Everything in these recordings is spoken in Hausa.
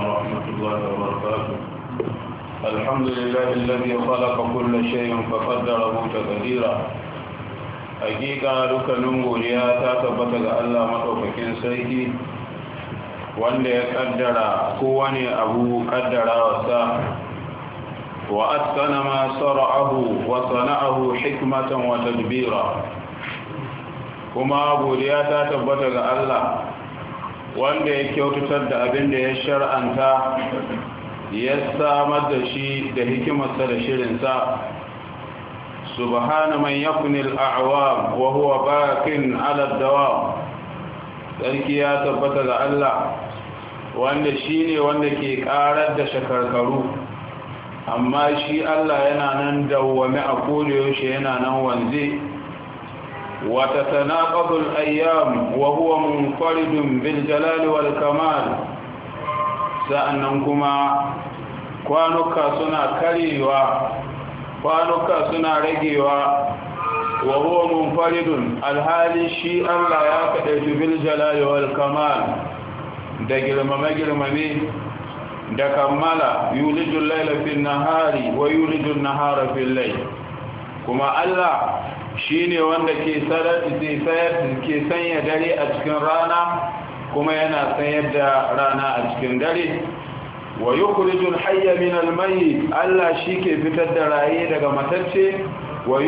ورحمة الله وبركاته الحمد لله الذي خلق كل شيء فقدره تقديرا حقيقة ركنم غريا تاتبت الله متوفكين سيدي wanda ya kaddara kowane abu kaddara wasa wa atkana ma sara'ahu wa hikmatan wa tadbira kuma godiya ta tabbata ga Allah wanda ya kyautatar da abin da ya shar'anta ya samar da shi da hikimarsa da shirinsa subhana man yakunil a'wam wa huwa bakin ala dawam sarki ya tabbata ga Allah wanda shine wanda ke karar da shakarkaru amma shi Allah yana nan dawwami a kodayaushe yana nan wanze وتتناقض الأيام وهو منفرد بالجلال والكمال سأنكما kwanuka suna karewa kwanuka suna ragewa wa huwa alhali shi Allah ya kaɗaitu bil jalali da girmame girmame da kammala yulijul laila fil nahari wa yulijul nahara fil lai. kuma Allah shine wanda ke sanya dare a cikin rana kuma yana sanya da rana a cikin dare wa yukhrijul hayya min almayi, Allah shi shike fitar da raye daga matacce wa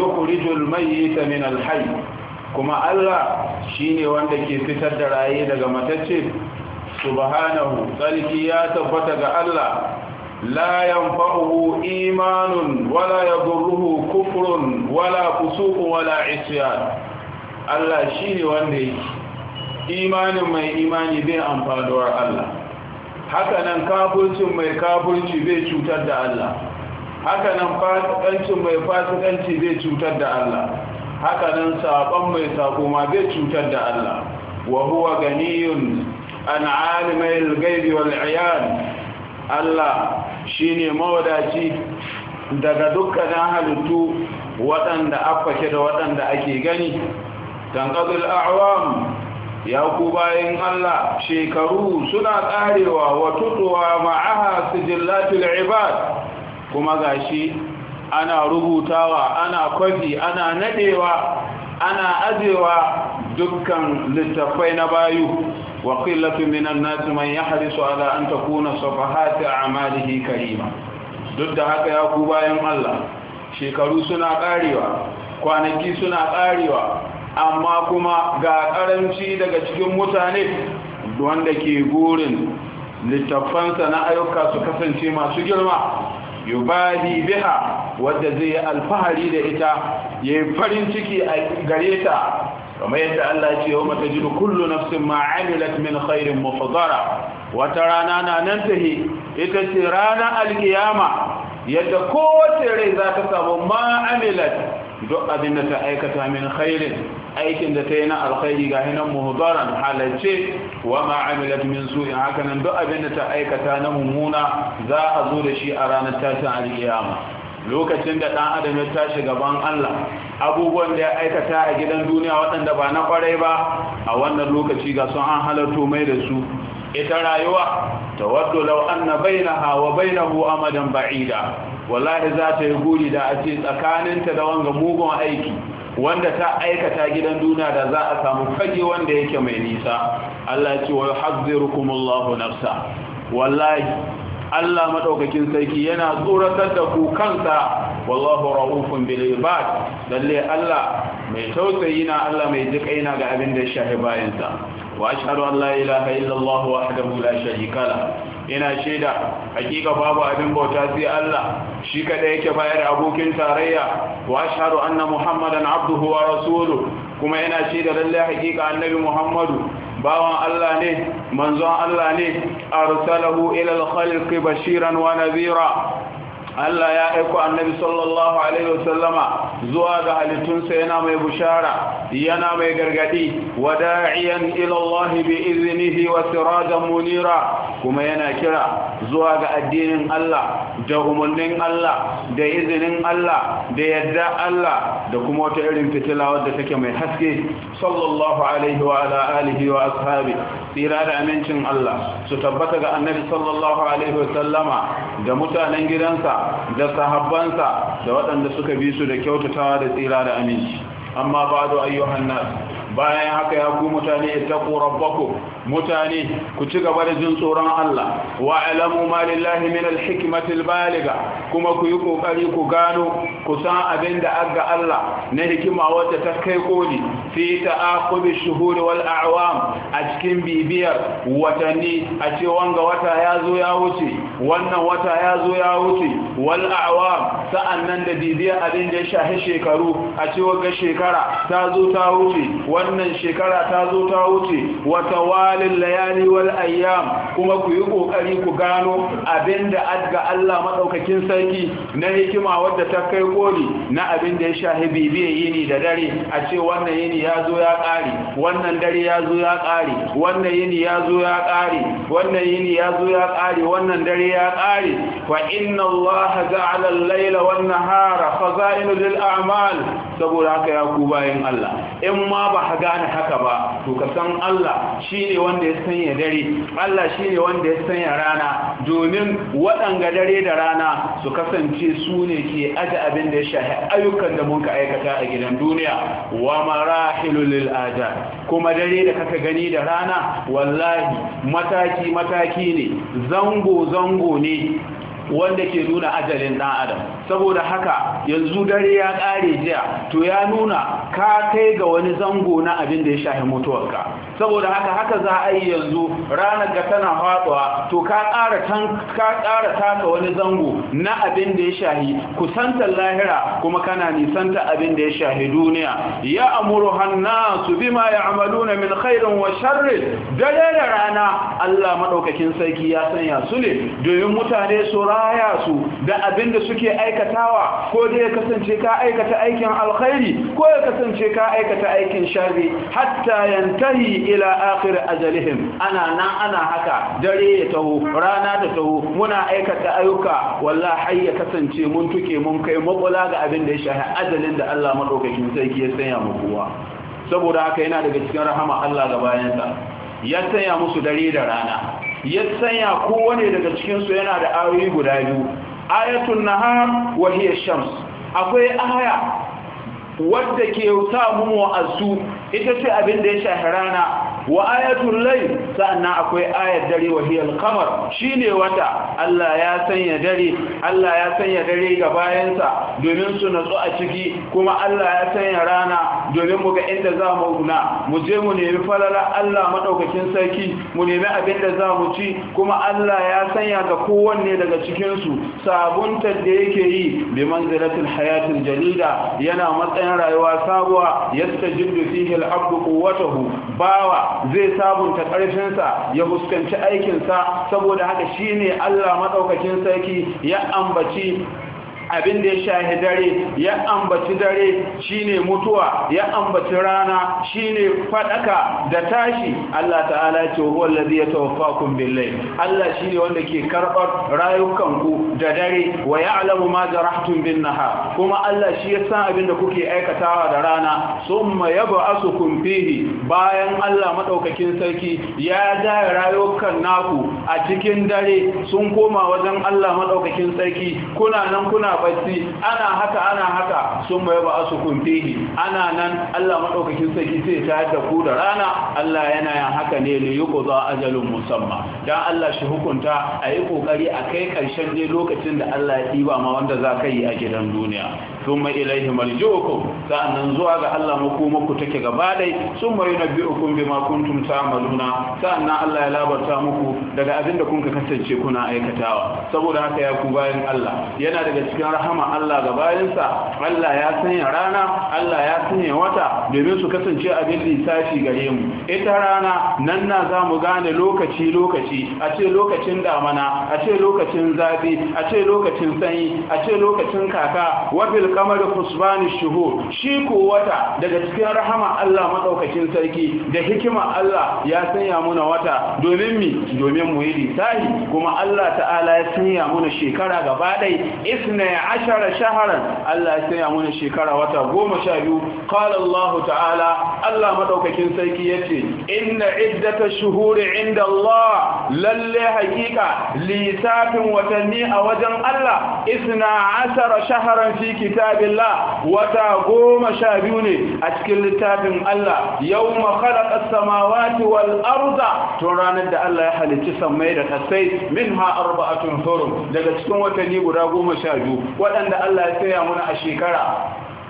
mayi ta min al kuma Allah shine wanda ke fitar da raye daga matacce subhanahu sarki ya tabbata ga Allah لا ينفعه إيمان ولا يضره كفر ولا فسوق ولا عصيان الله شيء وندي إيمان ما إيمان به أنفادوا الله hakanan kafurcin mai kafurci zai cutar da Allah hakanan fasikancin mai fasikanci zai cutar da Allah hakanan sabon mai sako ma zai cutar da Allah wa huwa ganiyun an alimul ghaibi wal iyad Allah shine mawadaci daga na halittu waɗanda afake da waɗanda ake gani tanqadul a'wam ya ku bayan Allah shekaru suna ƙarewa wa tutuwa ma'aha jillatul ibad kuma gashi ana rubutawa ana kwafi ana nadewa ana ajewa dukkan littafai na bayu وقلة من الناس من يحرص على أن تكون صفحات أعماله Karima. duk da haka ya ku bayan Allah shekaru suna ƙarewa kwanaki suna ƙarewa amma kuma ga ƙaranci daga cikin mutane wanda ke gurin littafansa na ayyuka su kasance masu girma yubali biha wadda zai yi alfahari da ita ya yi farin ciki a gare ta kamar yadda Allah ce wa mata jiru kullu nafsin ma'amilat min khairin mufadara wata rana na nan tahi ita ce ranar alkiyama yadda kowace rai za ta samu ma'amilat duk abin da ta aikata min khairin aikin da ta yi na alkhairi ga hinan muhudaran halarce wa ma'amilat min su'in haka nan duk abin da ta aikata na mummuna za a zo da shi a ranar tashin alkiyama lokacin da ɗan adam ya tashi gaban Allah abubuwan da ya aikata a gidan duniya waɗanda ba na kwarai ba a wannan lokaci ga sun an halarto mai da su ita rayuwa Ta tawaddu na hawa bainaha wa bainahu amadan ba'ida wallahi za ta yi guri da a ce tsakaninta da wanga mugun aiki wanda ta aikata gidan duniya da za a samu fage wanda yake mai nisa Allah ya ce wa hazzirukumullahu nafsa wallahi Allah madaukakin sarki yana tsoratar da ku kansa wallahu raufun bil ibad lalle Allah mai tausayi na Allah mai jikai na ga abin da shahi bayansa wa ashhadu an la ilaha wahdahu la sharika la ina shaida hakika babu abin bauta sai Allah shi kada yake bayar abokin tarayya wa ashhadu anna muhammadan abduhu wa rasuluhu kuma ina shaida lalle hakika annabi muhammadu bawan Allah ne manzon Allah ne arsalahu ila al-khalqi bashiran wa nadhira Allah ya aiko annabi sallallahu alaihi wasallama zuwa ga halittunsa yana mai bushara yana mai gargadi wada'iyan ila Allah bi iznihi wa sirajan munira kuma yana kira zuwa ga addinin Allah da umarnin Allah da izinin Allah da yadda Allah da kuma wata irin fitila wadda take mai haske sallallahu alaihi wa ala alihi wa ashabi tsira da amincin Allah su tabbata ga annabi sallallahu alaihi wa sallama da mutanen gidansa da sahabbansa da waɗanda suka bi su da kyautatawa da tsira da aminci amma ba'du ayyuhan nas bayan haka ya ku mutane ittaqu rabbakum mutane ku ci gaba da jin tsoron Allah wa alamu ma lillahi min alhikmatil baliga kuma ku yi kokari ku gano ku san abin da aga Allah na hikima wacce ta kai koli fi ta'aqubi shuhur wal a'wam a cikin bibiyar watanni a ce wanga wata ya zo ya wuce wannan wata ya zo ya wuce wal a'wam sa'annan da bibiyar abin da ya shahi shekaru a ce ga shekara ta zo ta wuce wannan shekara ta zo ta wuce wata a'malil layali wal ayyam kuma ku yi ƙoƙari ku gano abinda adga Allah maɗaukakin sarki na hikima wadda ta kai koli na abin da ya shahi bibiye yini da dare a ce wannan yini ya zo ya kare wannan dare ya zo ya kare wannan yini ya zo ya kare wannan yini ya zo ya kare wannan dare ya kare fa inna Allah ja'ala al-layla wan nahara khaza'inu lil a'mal saboda haka ya ku bayan Allah in ma ba ha gane haka ba to ka san Allah shi ne wanda ya sanya dare Allah shi ne wanda ya sanya rana domin waɗanga dare da rana su kasance su ne ke aje abin da ya shahi ayyukan da muka aikata a gidan duniya wa marahilul lil kuma dare da kaka gani da rana wallahi mataki mataki ne zango zango ne wanda ke nuna ajalin ɗan adam saboda haka yanzu dare ya ƙare jiya to ya nuna ka kai ga wani zango na abin da ya shahi mutuwarka saboda haka haka za a yi yanzu ranar ga tana faɗuwa to ka ƙara taka wani zango na abin da ya shahi kusantar lahira kuma kana nisanta abin da ya shahi duniya ya amuru hanna su bi ma ya amalu na min khairin wa sharrin dare da rana Allah maɗaukakin sarki ya sanya su ne domin mutane su baya su da abin da suke aikatawa ko dai ya kasance ka aikata aikin alkhairi ko ya kasance ka aikata aikin sharri hatta yantahi ila akhir ajalihim ana na ana haka dare ya taho rana da taho muna aikata ayyuka wallahi ya kasance mun tuke mun kai makula ga abin da ya shafi ajalin da Allah madaukakin sarki ya sanya mu kowa saboda haka yana daga cikin rahama Allah ga bayansa ya sanya musu dare da rana ya sanya kowane daga cikinsu yana da ayoyi guda biyu ayatun nahar wa hiya shams akwai aya wadda ke sa mu wa'azu ita ce abin da ya shahara rana wa ayatul layl sannan akwai ayat dare wa hiyal qamar shine wata Allah ya sanya dare Allah ya sanya dare ga bayansa domin su natsu a ciki kuma Allah ya sanya rana domin mu ga inda za mu guna mu je mu nemi falala Allah madaukakin sarki mu nemi abin da za mu ci kuma Allah ya sanya ga kowanne daga cikin su sabunta da yake yi bi manzilatul hayatin jarida, yana matsayin rayuwa sabuwa yastajiddu fihi al-abdu quwwatahu bawa zai sabunta ƙarfinsa ya fuskanci aikinsa saboda haka ne Allah maɗaukakin sarki ya ambaci abin da ya shahi dare ya ambaci dare shine mutuwa ya ambaci rana shine fadaka da tashi Allah ta'ala ya ce huwa allazi yatawaffakum billayl Allah shine wanda ke karbar rayukanku da dare wa ya'lamu ma jarahtum bin nahar kuma Allah shi ya san abin da kuke aikatawa da rana summa yab'asukum fihi bayan Allah madaukakin sarki ya ga rayukan naku a cikin dare sun koma wajen Allah madaukakin sarki kuna nan kuna bacci ana haka ana haka sun mai ba su kunfihi ana nan Allah madaukakin sarki sai ta yadda ku da rana Allah yana yin haka ne yi yuqza ajalun musamma dan Allah shi hukunta a yi kokari a kai karshen dai lokacin da Allah ya diba ma wanda za ka yi a gidan duniya sun ma ilaihi marji hukum sa’annan zuwa ga Allah makoma maku take gaba dai sun mara yana biyu hukum bi makuntun ta maluna sa’annan Allah ya labarta muku daga abin da kun kasance kuna aikatawa saboda haka ya ku bayan Allah yana daga cikin rahama Allah ga bayansa Allah ya sanya rana Allah ya sanya wata domin su kasance abin lissafi gare mu ita rana nan na za mu gane lokaci lokaci a ce lokacin damana a ce lokacin zafi a ce lokacin sanyi a ce lokacin kaka wafil kamar husbani shuhur shi ko wata daga cikin rahama Allah madaukakin sarki da hikima Allah ya sanya muna wata domin mi domin mu yi lissahi kuma Allah ta'ala ya sanya muna shekara gaba dai isna ashara shaharan Allah ya sanya muna shekara wata goma sha biyu qala Allah ta'ala Allah madaukakin sarki yace inna iddata shuhuri inda Allah lalle hakika lissafin watanni a wajen Allah isna ashara shaharan fi kitab kitabillah wata goma sha biyu ne a cikin littafin Allah yau khalaqa as-samawati wal arda to ranar da Allah ya halicci sammai da kasai minha arba'atun hurum daga cikin watanni guda goma sha biyu waɗanda Allah ya tsaya muna a shekara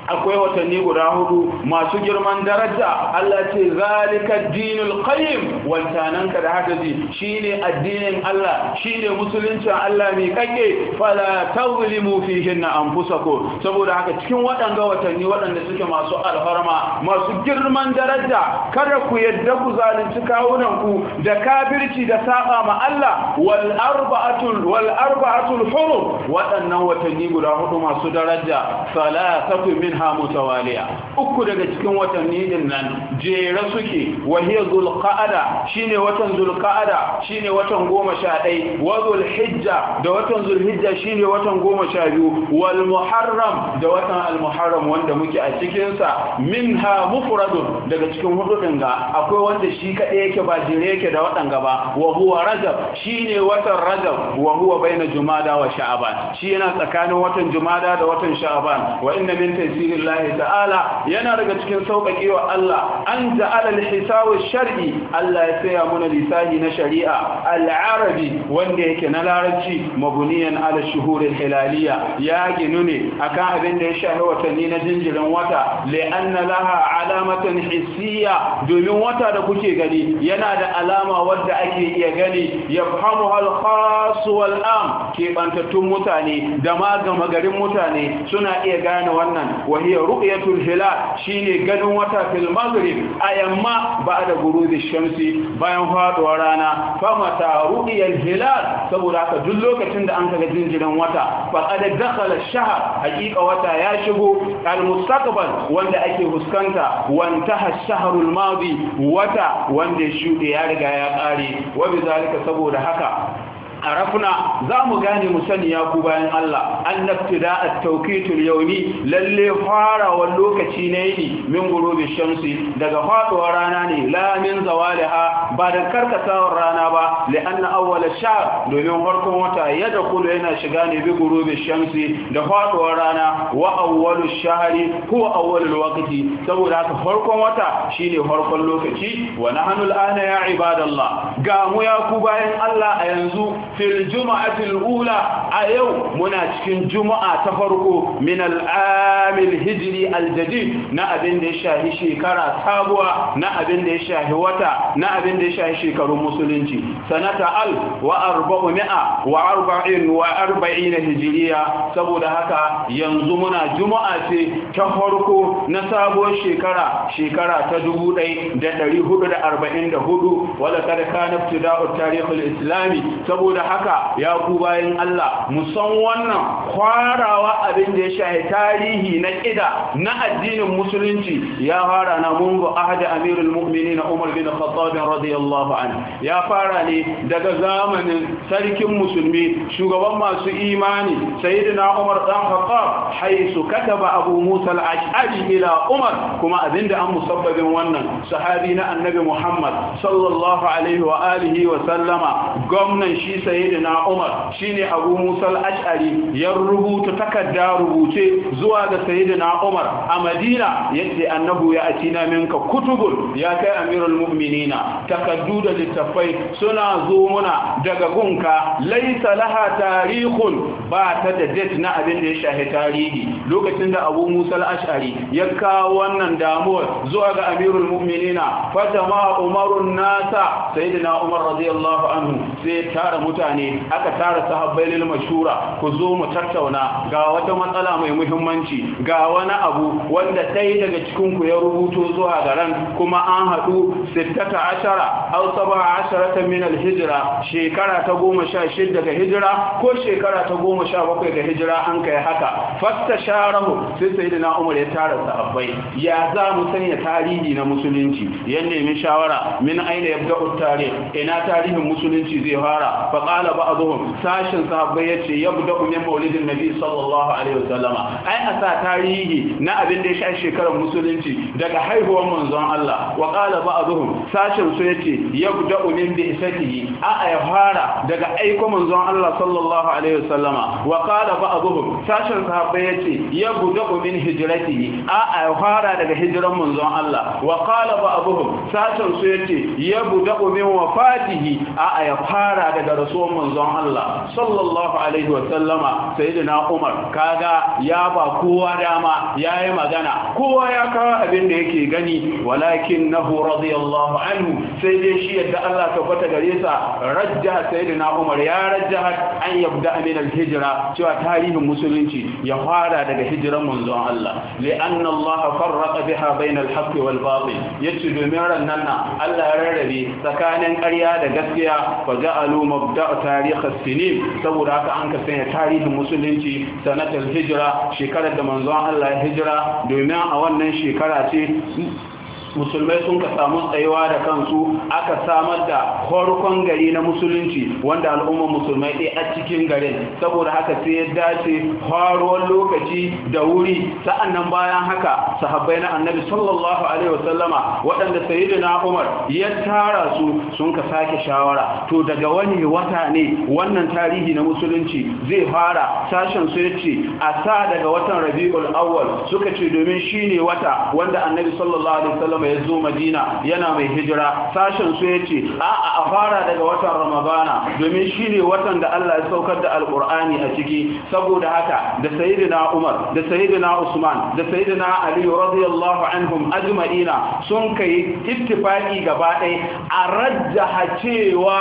akwai watanni guda hudu masu girman daraja Allah ce zalika dinul qayyim wancanan ka da haka ji shine addinin Allah shine musuluncin Allah ne kake fala tazlimu fihinna anfusakum saboda haka cikin waɗanga watanni waɗanda suke masu alfarma masu girman daraja kada ku yadda ku zalunci kawunan ku da kafirci da saba ma Allah wal arba'atul wal arba'atul hurum waɗannan watanni guda hudu masu daraja salatatu min minha mutawaliya uku daga cikin watanni din nan jera suke wa hiya zulqa'ada shine watan zulqa'ada shine watan 11 wa zulhijja da watan zulhijja shine watan 12 wal muharram da watan al muharram wanda muke a cikin sa minha mufradun daga cikin hudu din ga akwai wanda shi kaɗai yake ba jere yake da wadanga Wahuwa wa huwa rajab shine watan rajab wa huwa baina jumada wa sha'ban shi yana tsakanin watan jumada da watan sha'ban wa inna min tafsirillahi ta'ala yana daga cikin wa Allah an ja'ala al-hisabu shar'i Allah ya saya muna lisani na shari'a al-arabi wanda yake na larabci mabuniyan ala shuhur al-hilaliya ya ginu ne akan abin da ya shahi watanni na jinjirin wata li'anna laha alamatan hissiya domin wata da kuke gani yana da alama wadda ake iya gani yafhamu al-khas wal-am ke bantattun mutane da ma gama garin mutane suna iya gane wannan وهي رؤية الهلال شيني غنو وتا في المغرب أيما بعد غروب الشمس بين فاد ورانا فمتى رؤي الهلال سبراك دلوك تند أنك جنجل وتا فقد دخل الشهر حقيقة وتا ياشبو المستقبل وند أكي هسكنتا وانتهى الشهر الماضي وتا وند شودي يارغا يا قاري وبذلك سبور حكا arafna za mu gane mu sani ya ku bayan Allah an naftida a tawqitul yauni lalle farawa lokaci ne yi min gurubi shamsi daga faɗuwar rana ne la min zawaliha ba da karkatawar rana ba li anna awwal shahr domin farkon wata ya da kullu yana shiga ne bi gurubi shamsi da faɗuwar rana wa awwalu shahri huwa awwalul saboda haka farkon wata shine farkon lokaci wa nahnu al-ana ya ibadallah ga mu ya ku bayan Allah a yanzu fil juma'atil ula a yau muna cikin juma'a ta farko min al'amil hijri aljadid na abin da ya shahi shekara sabuwa na abin da ya shahi wata na abin da ya shahi shekarun musulunci sanata al wa arba'u mi'a wa arba'in wa arba'ina hijriya saboda haka yanzu muna juma'a ce ta farko na sabuwar shekara shekara ta 1444 wala kada kana ibtida'u tarihul islami saboda da haka ya ku bayan Allah musan wannan kwarawa abin da ya shahi tarihi na ƙida na addinin musulunci ya fara na mungu ahadi amirul mu'minin Umar bin Khattab radiyallahu ya fara ne daga zamanin sarkin musulmi shugaban masu imani sayyidina Umar dan Khattab haisu kataba Abu Musa al-Ash'ari ila Umar kuma abinda an musabbabin wannan sahabi na Annabi Muhammad sallallahu alaihi wa alihi wa sallama gwamnan shi sayyidina Umar shine Abu Musa al-Ash'ari ya rubuta takarda rubuce zuwa ga sayyidina Umar a Madina yace annabu ya atina minka kutubul ya kai amirul mu'minina takaddu da littafai suna zo muna daga gunka Laisalaha laha tarihun ba ta da date na abin da ya shahi tarihi lokacin da Abu Musa al-Ash'ari ya kawo wannan damuwar zuwa ga amirul mu'minina fatama umarun nasa sayyidina Umar radiyallahu anhu sai tara mutane mutane aka tara sahabbai lil mashura ku zo mu tattauna ga wata matsala mai muhimmanci ga wani abu wanda sai daga cikin ku ya rubuto zuwa garan kuma an haɗu 16 aw 17 min al hijra shekara ta 16 daga hijira ko shekara ta 17 ga hijira an kai haka fastasharahu sai sayyidina Umar ya tara sahabbai ya za mu sanya tarihi na musulunci ya shawara min aina yabda'u tarih ina tarihin musulunci zai fara qala ba'dhum sashin sahabbai yace yabda'u min maulidin nabi sallallahu alaihi wasallama ai a sa tarihi na abin da ya sha shekarar musulunci daga haihuwar manzon Allah wa qala sashin su yace yabda'u min bi'satihi a ai fara daga aiko manzon Allah sallallahu alaihi wasallama wa qala ba'dhum sashin sahabbai yace yabda'u min hijratihi a ai fara daga hijiran manzon Allah wa qala ba'dhum sashin su yace min fara daga rasul shigowar manzon Allah sallallahu alaihi wasallama sayyidina Umar kaga ya ba kowa dama yayi magana kowa ya kawo abin da yake gani walakinahu radiyallahu anhu sai dai shi yadda Allah tabbata gare sa rajja sayyidina Umar ya rajja an yabda min al-hijra cewa tarihin musulunci ya fara daga hijiran manzon Allah li'anna Allah farraqa biha bainal al-haqqi wal batil yace domin rannan Allah ya rarrabe tsakanin ƙarya da gaskiya fa ja'alu mabda saba tarihar sinin saboda haka an ka sanya tarihin musulunci sanatar hijira shekarar da manzon Allah ya hijira domin a wannan shekara ce musulmai sun ka samu tsayuwa da kansu aka samar da farkon gari na musulunci wanda al'ummar musulmai ɗaya a cikin garin saboda haka sai ya dace faruwar lokaci da wuri sa'annan bayan haka sahabbai na annabi sallallahu alaihi wasallama waɗanda sayyidina umar ya tara su sun ka sake shawara to daga wani wata ne wannan tarihi na musulunci zai fara sashen su yace a sa daga watan rabiul awwal suka ce domin shine wata wanda annabi sallallahu alaihi wasallam salama ya zo madina yana mai hijira sashen su ya ce a a fara daga watan ramadana domin shi ne watan da allah ya saukar da alkur'ani a ciki saboda haka da Sayyidina umar da Sayyidina usman da Sayyidina ali radiyallahu anhum ajma'ina sun kai ittifaqi gaba ɗaya a rajjaha cewa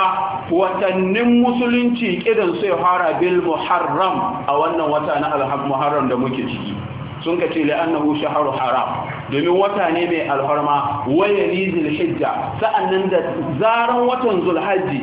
watannin musulunci kidan ya fara bil muharram a wannan wata na alhaq muharram da muke ciki sun ka ce la'annahu shahru haram domin wata ne mai alfarma waya ni zulhijja sa'annan da zaran watan zulhajji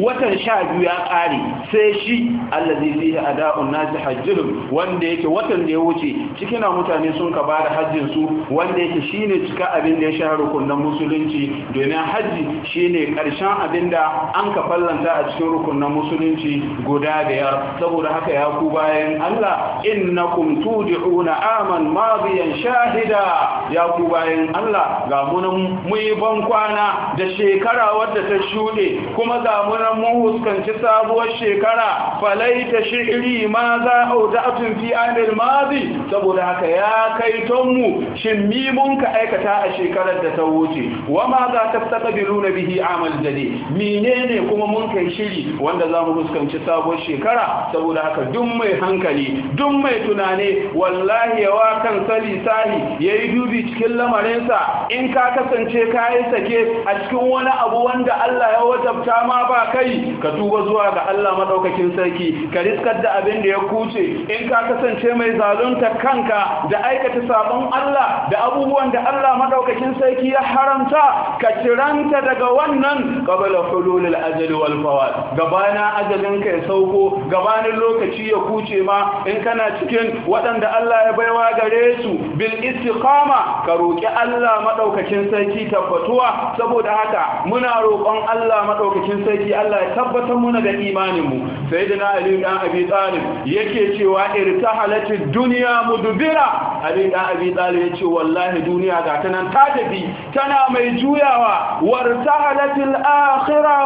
watan sha biyu ya ƙare sai shi allazi fihi ada'un nasi hajjilum wanda yake watan da ya wuce cikina mutane sun ka bada hajjin su wanda yake shine cika abin da ya sha rukunin musulunci domin hajji shine karshen abin da an ka fallanta a cikin rukunin musulunci guda biyar saboda haka ya ku bayan Allah innakum tudi'una aman madiyan shahida ya ku bayan Allah ga munan mu yi ban kwana da shekara wadda ta shuɗe kuma ga munan mu huskanci sabuwar shekara falaita shi'ri ma za auda'atun fi anil mazi saboda haka ya kai tonmu shin mi mun ka aikata a shekarar da ta wuce wa ma za ta na bihi amal jadi menene kuma mun kai shiri wanda za mu huskanci sabuwar shekara saboda haka duk mai hankali duk mai tunane wallahi wa kan sali sahi yayi dubi cikin lamarinsa in ka kasance ka yi sake a cikin wani abu wanda Allah ya wajabta ma ba kai ka tuba zuwa ga Allah maɗaukakin sarki ka riskar da abin da ya kuce in ka kasance mai zalunta kanka da aikata sabon Allah da abubuwan da Allah maɗaukakin sarki ya haramta ka ciranta daga wannan qabla hululil ajali wal fawat gabana ajalin ka ya sauko gabanin lokaci ya kuce ma in kana cikin waɗanda Allah ya baiwa gare su bil istiqama ka roƙi Allah maɗaukacin sarki tabbatuwa saboda haka muna roƙon Allah maɗaukacin sarki Allah ya tabbatar muna da imaninmu sai da na Ali ɗan Abi Talib yake cewa irta halatu duniya mudubira Ali ɗan Abi ya ce, wallahi duniya ga ta nan ta tafi tana mai juyawa warta halatul akhirah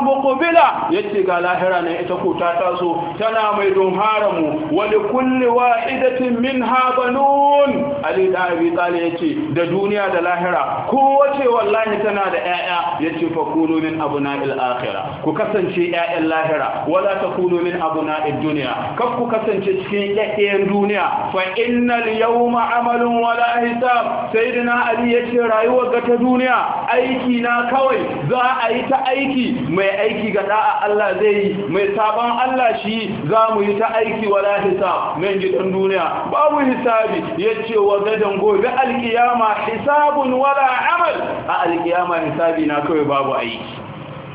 Ya ce, ga lahira ne ita ko ta taso tana mai don haramu wani li kulli wa'idatin minha banun Ali ɗan Abi ya yace da duniya da lahira kowace wallahi tana da ƴaƴa yace fa kunu min abna'il akhirah ku kasance ƴaƴan lahira wala takunu min abna'id dunya kar ku kasance cikin ƴaƴan duniya fa innal yawma amalun wala hisab sayyidina ali yace rayuwar ga ta duniya aiki na kawai za a yi ta aiki mai aiki ga da'a Allah zai yi mai saban Allah shi za mu yi ta aiki wala hisab nan gidan duniya babu hisabi yace wa gadan gobe alkiyama alkiyama hisabun wala amal a alkiyama hisabi na kawai babu aiki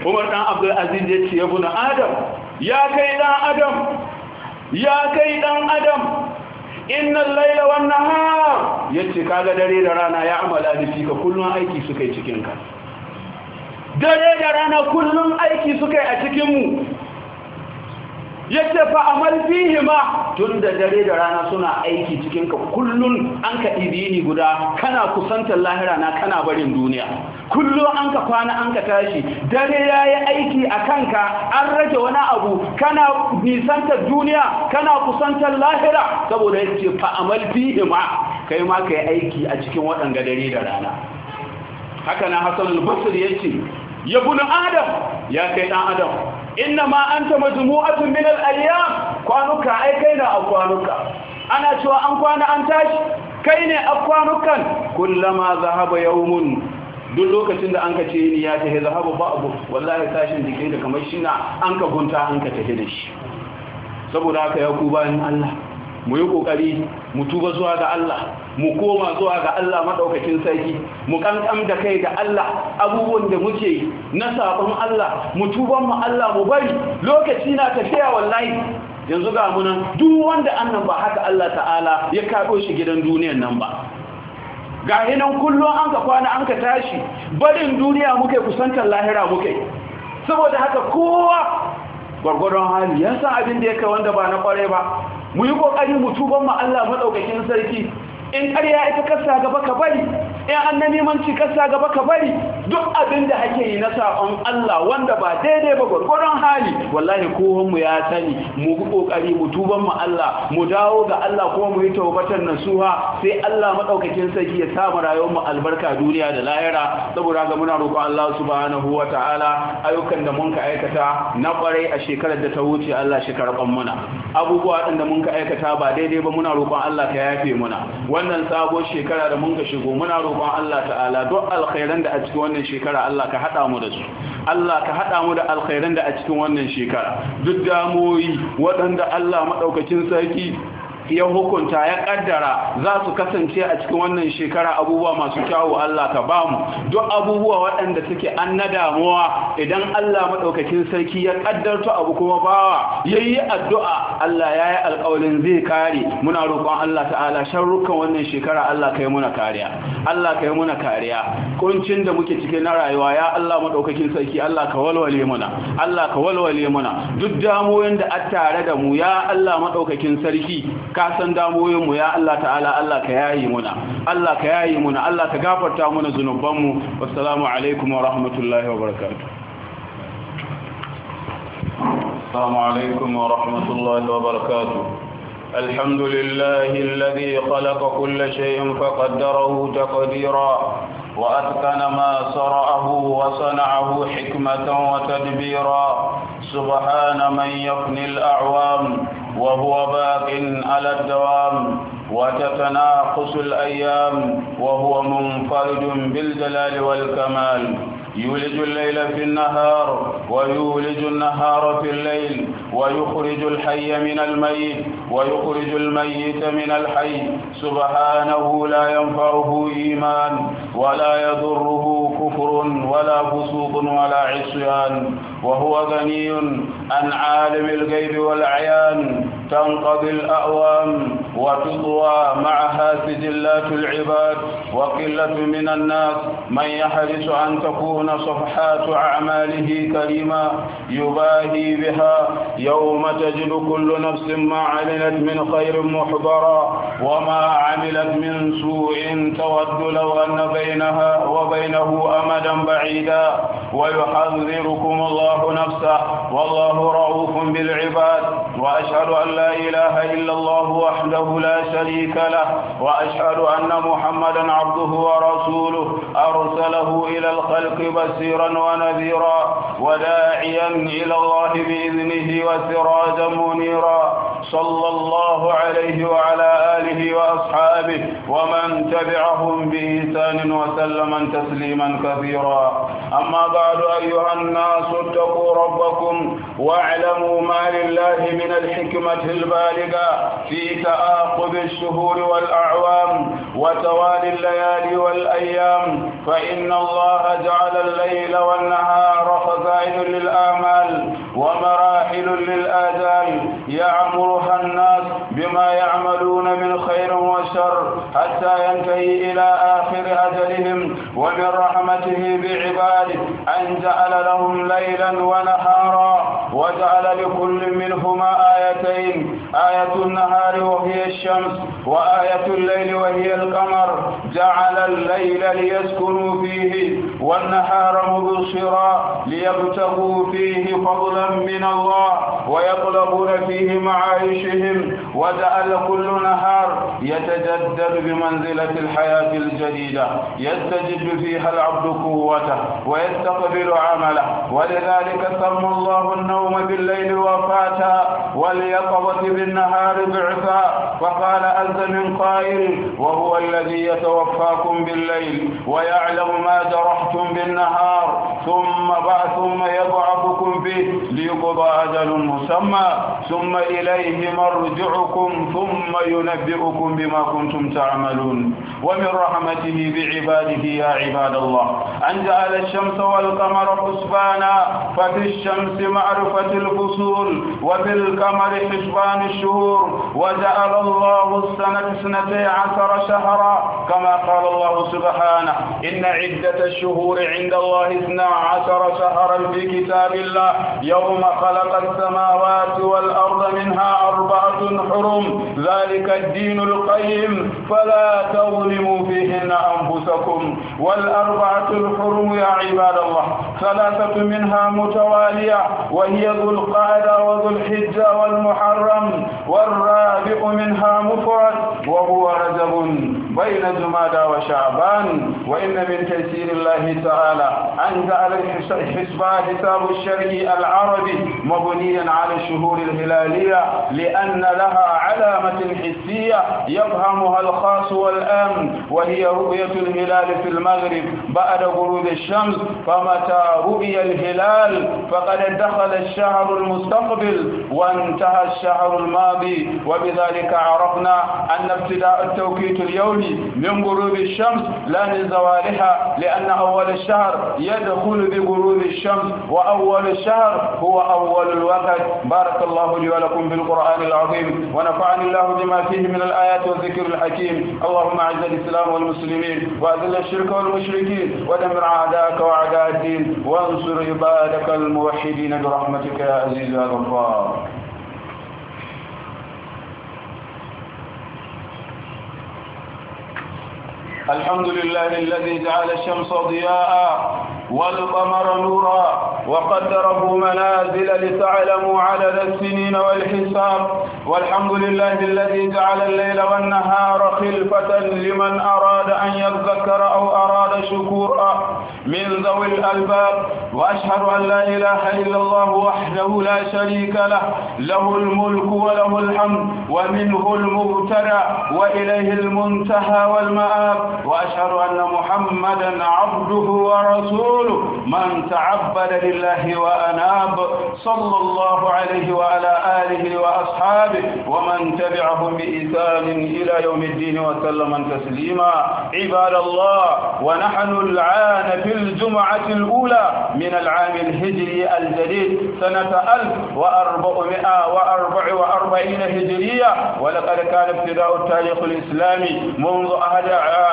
umar dan abdul aziz ya ce yabu na adam ya kai dan adam ya kai dan adam innal laila wan nahar yace kaga dare da rana ya amala da fika kullun aiki suka yi cikin ka dare da rana kullun aiki suka yi a cikin mu yake fa amal fihi ma tun da dare da rana suna aiki cikin ka kullun an ka idini guda kana kusantar lahira na kana barin duniya Kullum an ka kwana an ka tashi dare yayi aiki a kanka an rage wani abu kana nisantar duniya kana kusantar lahira saboda yace fa amal fihi ma kai ma kai aiki a cikin waɗanga dare da rana haka na Hassan al-Basri yace ya bunu Adam ya kai dan Adam inna ma anta majmu'atun min al-ayyam kwanuka ai kai na a kwanuka ana cewa an kwana an tashi kai ne a kwanukan kullama zahaba yawmun duk lokacin da an ka ce ni ya tahe zahaba ba'du wallahi tashin jikin da kamar shina an ka gunta an ka da shi saboda haka ya ku bayan Allah mu yi kokari mu tuba zuwa ga Allah mu koma zuwa ga Allah maɗaukakin sarki mu kankan da kai ga Allah abubuwan da muke na sabon Allah mu tuban mu Allah mu bari lokaci na tafiya wallahi yanzu ga munan duk wanda annan ba haka Allah ta'ala ya kaɗo shi gidan duniyan nan ba ga hinan kullum an ka kwana an ka tashi barin duniya muke kusantar lahira muke saboda haka kowa gwargwadon hali yan abin da ya kai wanda ba na kware ba mu yi kokari mu tuban mu Allah madaukakin sarki in ƙarya ita kasa gaba ka bari in an na nemanci kasa gaba ka bari duk abin da ake yi na sa'on Allah wanda ba daidai ba gwargwaron hali wallahi mu ya sani mu bi ƙoƙari mu tuban mu Allah mu dawo ga Allah ko mu yi taubatan nasuha sai Allah maɗaukakin sarki ya sa mu rayuwar mu albarka duniya da lahira saboda ga muna roƙon Allah subhanahu wataala ta'ala ayyukan da mun ka aikata na kwarai a shekarar da ta wuce Allah shi karɓan muna abubuwa din da mun ka aikata ba daidai ba muna roƙon Allah ka yafe muna wannan sabon shekara da mun ka shigo muna roƙon Allah ta'ala duk alkhairan da a cikin wannan shekara Allah ka haɗa mu da su Allah ka haɗa mu da alkhairan da a cikin wannan shekara duk damoyi waɗanda Allah maɗaukacin sarki ya hukunta ya kaddara za su kasance a cikin wannan shekara abubuwa masu kyawu Allah ka ba mu duk abubuwa waɗanda suke an na idan Allah maɗaukakin sarki ya kaddarto abu kuma bawa yayi addu'a Allah yayi yi alƙawarin zai kare muna roƙon Allah ta'ala sharrukan wannan shekara Allah kai yi muna kariya Allah ka yi muna kariya kuncin da muke cike na rayuwa ya Allah maɗaukakin sarki Allah ka walwale muna Allah ka walwale muna duk damuwoyin da a tare da mu ya Allah maɗaukakin sarki kasan san damoyin mu ya Allah ta'ala Allah ka yayi muna Allah ka yayi muna Allah ka gafarta muna zanuban mu assalamu alaikum wa rahmatullahi wa barakatuh assalamu alaikum wa rahmatullahi wa barakatuh الحمد لله الذي خلق كل شيء فقدره تقديرا وأتقن ما صرعه وصنعه حكمة وتدبيرا سبحان من يقني الأعوام وهو باق على الدوام وتتناقص الأيام وهو منفرد بالجلال والكمال يولج الليل في النهار ويولج النهار في الليل ويخرج الحي من الميت ويخرج الميت من الحي سبحانه لا ينفعه إيمان ولا يضره كفر ولا فسوق ولا عصيان وهو غني عن عالم الغيب والعيان تنقضي الأعوام وتطوى معها سجلات العباد وقلة من الناس من يحرص أن تكون صفحات أعماله كريمة يباهي بها يوم تجد كل نفس ما عملت من خير محضرا وما عملت من سوء تود لو أن بينها وبينه أمدا بعيدا ويحذركم الله نفسه والله رؤوف بالعباد وأشهد أن لا إله إلا الله وحده لا شريك له وأشهد أن محمدا عبده ورسوله أرسله إلى الخلق بصيرا ونذيرا وداعيا إلى الله بإذنه وسراجا منيرا صلى الله عليه وعلى آله وأصحابه ومن تبعهم بإيسان وسلم تسليما كثيرا أما بعد أيها الناس اتقوا ربكم واعلموا ما لله من الحكمة البالغة في تآقب الشهور والأعوام وتوالي الليالي والأيام فإن الله جعل الليل والنهار خزائن للآمال ومراحل للآجال يعمرها الناس بما يعملون من خير وشر حتى ينتهي إلى آخر أجلهم ومن رحمته بعباده أن جعل لهم ليلا ونهارا وجعل لكل منهما آيتين آية النهار وهي الشمس وآية الليل وهي القمر جعل الليل ليسكنوا فيه والنهار مبصرا ليبتغوا فيه فضلا من الله ويطلبون فيه فيه معايشهم وجعل كل نهار يتجدد بمنزلة الحياة الجديدة يستجد فيها العبد قوته ويستقبل عمله ولذلك سمى الله النوم بالليل وفاتا واليقظة بالنهار بعثا فقال أنت من قائل وهو الذي يتوفاكم بالليل ويعلم ما جرحتم بالنهار ثم ثم يضعفكم فيه ليقضى أجل مسمى ثم ثم إليه مرجعكم ثم ينبئكم بما كنتم تعملون ومن رحمته بعباده يا عباد الله أن جعل الشمس والقمر حسبانا ففي الشمس معرفة الفصول وفي القمر حسبان الشهور وجعل الله السنة اثنتي عشر شهرا كما قال الله سبحانه إن عدة الشهور عند الله اثنا عشر شهرا في كتاب الله يوم خلق السماوات والأرض فرض منها أربعة حرم ذلك الدين القيم فلا تظلموا فيهن أنفسكم والأربعة الحرم يا عباد الله ثلاثة منها متوالية وهي ذو القعدة وذو الحجة والمحرم والرابع منها مفرد وهو رجب بين زمادى وشعبان وإن من تيسير الله تعالى أن جعل الحسبة حساب الشرع العربي مبنيا على الشهور الهلالية لأن لها علامة حسية يفهمها الخاص والآم وهي رؤية الهلال في المغرب بعد غروب الشمس فمتى رؤي الهلال فقد دخل الشهر المستقبل وانتهى الشهر الماضي وبذلك عرفنا أن ابتداء التوقيت اليومي من غروب الشمس لا من زوالها لأن أول الشهر يدخل بغروب الشمس وأول الشهر هو أول الوقت بارك الله لي ولكم في القرآن العظيم ونفعني الله بما فيه من الآيات والذكر الحكيم اللهم أعز الإسلام والمسلمين وأذل الشرك والمشركين ودمر أعداءك وأعداء الدين وانصر عبادك الموحدين برحمتك يا عزيز يا غفار الحمد لله الذي جعل الشمس ضياء والقمر نورا وقدره منازل لتعلموا عدد السنين والحساب والحمد لله الذي جعل الليل والنهار خلفة لمن أراد أن يذكر أو أراد شكورا من ذوي الألباب وأشهد أن لا إله إلا الله وحده لا شريك له له الملك وله الحمد ومنه المبتلى وإليه المنتهى والمآب وأشهد أن محمدا عبده ورسوله من تعبد لله وأناب صلى الله عليه وعلى آله وأصحابه ومن تبعهم بإيثان إلى يوم الدين وسلم تسليما عباد الله ونحن العان في الجمعة الأولى من العام الهجري الجديد سنة 1444 هجرية ولقد كان ابتداء التاريخ الإسلامي منذ أهد,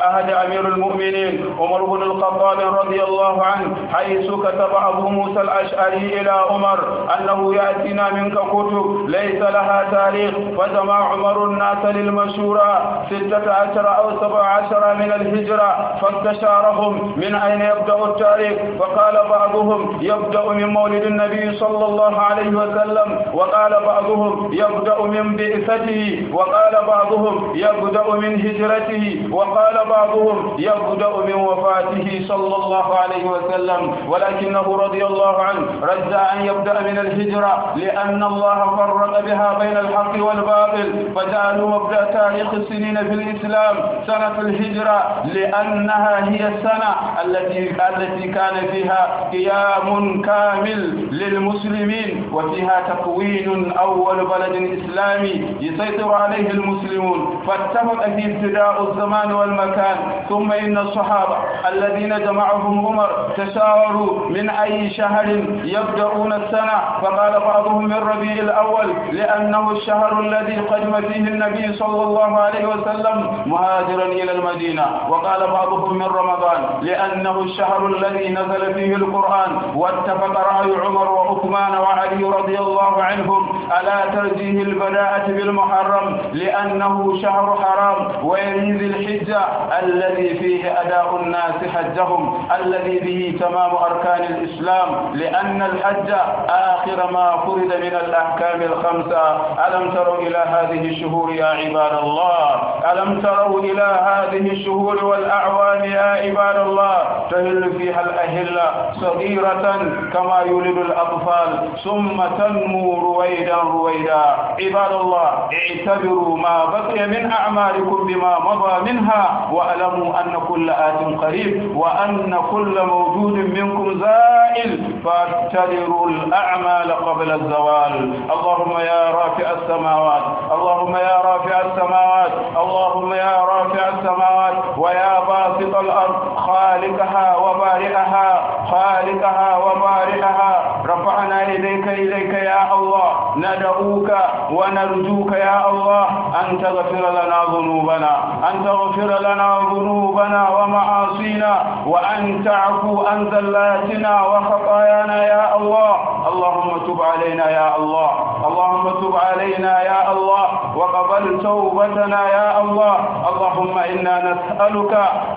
أهد أمير المؤمنين عمر بن الخطاب رضي الله عنه حيث كتب أبو موسى الأشعري إلى عمر أنه يأتينا منك كتب ليس لها تاريخ فجمع عمر الناس للمشورة ستة عشر أو سبع عشر من الهجرة فاستشارهم من أين يبدأ التاريخ فقال بعض بعضهم يبدأ من مولد النبي صلى الله عليه وسلم وقال بعضهم يبدأ من بعثته وقال بعضهم يبدأ من هجرته وقال بعضهم يبدأ من وفاته صلى الله عليه وسلم ولكنه رضي الله عنه رجع أن يبدأ من الهجرة لأن الله فرق بها بين الحق والباطل فجعلوا مبدأ تاريخ السنين في الإسلام سنة الهجرة لأنها هي السنة التي التي كان فيها قيام قيام كامل للمسلمين وفيها تكوين أول بلد إسلامي يسيطر عليه المسلمون فاتفق في ابتداء الزمان والمكان ثم إن الصحابة الذين جمعهم عمر تشاوروا من أي شهر يبدأون السنة فقال بعضهم من ربيع الأول لأنه الشهر الذي قدم فيه النبي صلى الله عليه وسلم مهاجرا إلى المدينة وقال بعضهم من رمضان لأنه الشهر الذي نزل فيه القرآن القرآن واتفق رأي عمر وعثمان وعلي رضي الله عنهم على ترجيه البداءة بالمحرم لأنه شهر حرام ويريد الحجة الذي فيه أداء الناس حجهم الذي به تمام أركان الإسلام لأن الحج آخر ما فرد من الأحكام الخمسة ألم تروا إلى هذه الشهور يا عباد الله ألم تروا إلى هذه الشهور والأعوام يا عباد الله تهل فيها الأهلة صغير صغيرة كما يولد الأطفال ثم تنمو رويدا رويدا عباد الله اعتبروا ما بقي من أعمالكم بما مضى منها واعلموا أن كل آت قريب وأن كل موجود منكم زائل فاعتبروا الأعمال قبل الزوال اللهم يا رافع السماوات اللهم يا رافع السماوات اللهم يا رافع السماوات ويا باسط الأرض خالقها وبارئها خالق طريقها ومارئها رفعنا إليك إليك يا الله ندعوك ونرجوك يا الله أن تغفر لنا ذنوبنا أن تغفر لنا ذنوبنا ومعاصينا وأن تعفو عن زلاتنا وخطايانا يا الله اللهم تب علينا يا الله اللهم تب علينا يا الله وقبل توبتنا يا الله اللهم إنا نسألك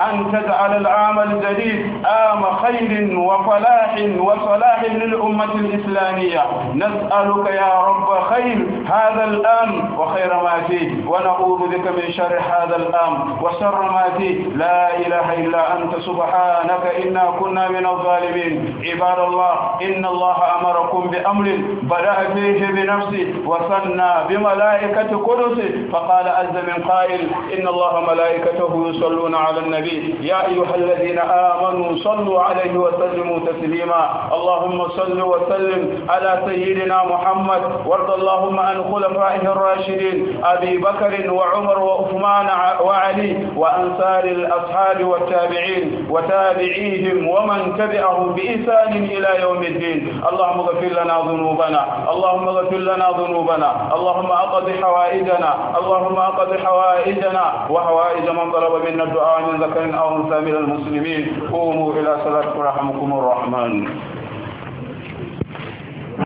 أن تجعل العام الجديد عام خير وفلاح إصلاح وصلاح للأمة الإسلامية نسألك يا رب خير هذا الآن وخير ما فيه ونعوذ بك من شر هذا الآن وشر ما فيه لا إله إلا أنت سبحانك إنا كنا من الظالمين عباد الله إن الله أمركم بأمر بدأ فيه بنفسه وثنى بملائكة قدسه فقال عز من قائل إن الله ملائكته يصلون على النبي يا أيها الذين آمنوا صلوا عليه وسلموا تسليما تسليما اللهم صل وسلم على سيدنا محمد وارض اللهم عن خلفائه الراشدين أبي بكر وعمر وعثمان وعلي وأنصار الأصحاب والتابعين وتابعيهم ومن تبعهم بإحسان إلى يوم الدين اللهم اغفر لنا ذنوبنا اللهم اغفر لنا ذنوبنا اللهم أقض حوائجنا اللهم أقض حوائجنا وحوائج من طلب منا الدعاء من ذكر أو أنثى من المسلمين قوموا إلى صلاتكم رحمكم الله الرحمن